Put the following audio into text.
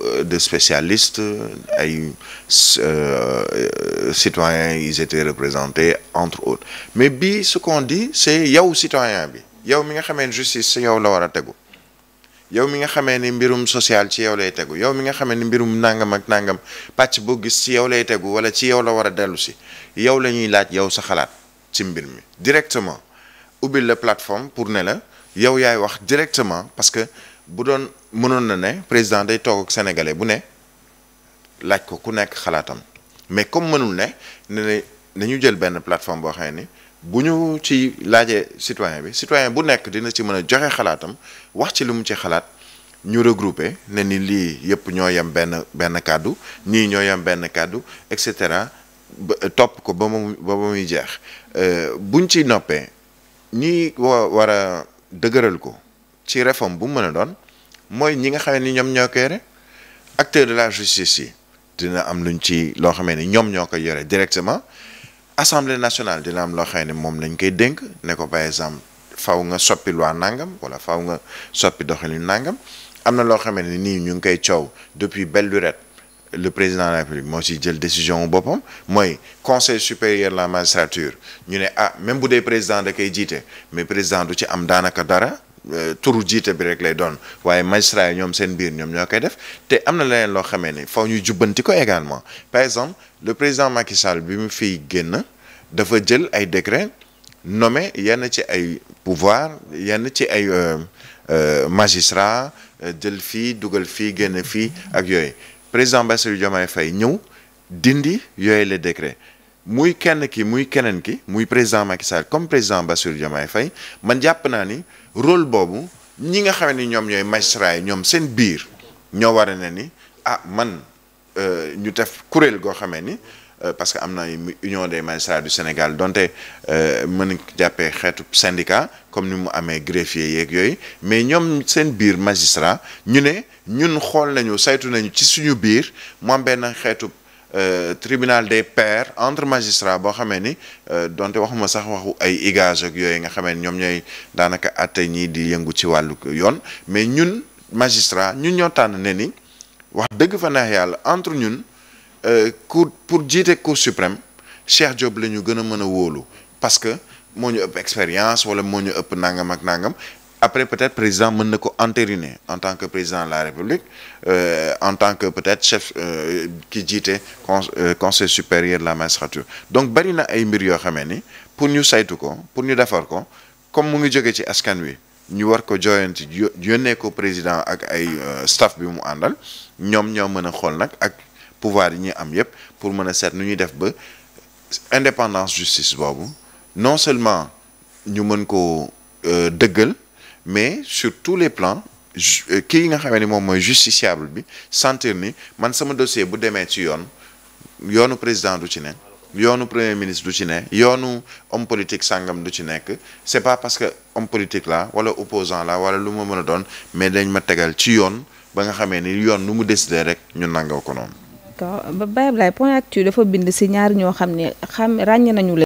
Euh, de spécialistes, ay euh, citoyens ils représenté représentés entre autres mais bii ce qu'on dit c'est yow citoyen bi yow mi nga xamee ne justice ci yow la war a tegu yow mi nga xamee ni mbirum sociale ci yow lay tegu yow mi nga xamee ni mbirum nangam ak nangam pàcc boo gis ci yow lay tegu wala ci yow la war a dellu si yow la ñuy laaj yow sa xalaat ci mbir mi directement ubbil la plateforme pour ne la yow yaay wax directement parce que bu doon mënoon na ne président day toog ak sénégalais bu ne laaj ko ku nekk xalaatam mais comme mënul ne ne nañu jël benn plateforme boo xam ne bu ñu ci laajee citoyen bi citoyen bu nekk dina ci mën a joxe xalaatam wax ci lu mu ci xalaat ñu regroupé ne ni lii yëpp ñoo yem benn benn kàddu ñii ñoo yem benn kàddu et cetera topp ko ba mu ba muy jeex euh, buñ ci noppee. ñi wa war a dëgëral ko ci réforme bu mu mën a doon mooy ñi nga xamee ni ñoom ñoo ko yore acteur de la justice yi dina am luñ ci loo xame ni ñoom ñoo koy yore directement assemblée nationale dina am loo xamee ni moom lañ koy dénk ne ko par exemple faw nga soppi loi nangam wala faw nga soppi doxalin nangam am na loo xamee ni nii ñu ngi koy coow depuis belle lurette le président de la République moo ci jël décision wu boppam mooy conseil supérieur de la magistrature ñu ne ah même bu dee président da koy jiite mais président du ci am daanaka dara euh, turu jiite bi rek lay doon waaye magistrat yi ñoom seen biir ñoom ñoo koy def te am na leneen loo xamee ni faw ñuy jubbanti ko également par exemple le président Macky Sall bi mu fiy génn dafa jël ay décret nommé yenn ci ay pouvoir yenn ci ay euh, euh, magistrat jël fii dugal fii génn fii ak yooyu président Bassirou Diomaye fay ñëw dindi yooyu le décret muy kenn ki muy keneen ki muy président Macky Sall comme président Bassirou Diomaye man jàpp naa ni rôle boobu ñi nga xam ni ñoom ñooy magistrat yi ñoom seen biir ñoo war na ni a ah, man euh, ñu def kuréel goo xamee ni Euh, parce que am na union des magistrats du Sénégal donte euh, mën jàppee xeetu syndicat comme ni mu amee greffier yeeg yooyu mais ñoom seen biir magistrat ñu ne ñun xool nañu saytu nañu ci suñu biir mu am benn xeetu euh, tribunal des pairs entre magistrats boo xamee ni donte waxuma sax waxu ay igage ak yooyu nga xamee ñoom ñooy daanaka atte ñii di yëngu ci wàllu yoon mais ñun magistrat ñu ñoo tànn ne ni wax dëgg fa neex yàlla entre ñun Euh, cour pour jiite cour suprême Cheikh Diop la ñu gën a mën a wóolu parce que moo ñu ëpp expérience wala moo ñu ëpp nangam ak nangam après peut-être président mën na ko entériner en tant que président la République euh, en tant que peut-être chef euh, ki jiite con euh, conseil supérieur de la magistrature donc bari na ay mbir yoo xamee ni pour ñu saytu ko pour ñu defar ko comme mu ngi jóge ci askan wi ñu war ko jooyanti yónnee ko président ak ay staff bi mu àndal ñoom ñoo mën a xool nag pouvoir yi ñuy am yépp pour mën a seet nu ñuy def ba indépendance justice boobu non seulement ñu mën ko euh, dëggal mais sur tous les plans euh, kii nga xamee ni moom mooy justiciable bi sentir ni man sama dossier bu demee ci yoon yoonu président du ci ne yoonu premier ministre du ci ne yoonu homme politique sàngam du ci nekk c'est pas parce que homme politique la wala opposant la wala lu ma mën a doon mais dañ ma tegal ci yoon ba nga xamee ni yoon lu mu décider rek ñu nangoo ko noonu d'accord ba Baye Ablaye point actu dafa bind si ñaar ñoo xam ne xam ràññe nañu leen